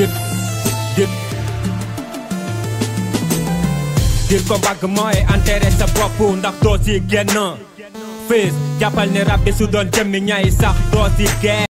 déet déet ko mbagg mooy enterré sa bopp ndax doo si génn fés jàppal ne rab bi su doon jëmmi sax doo si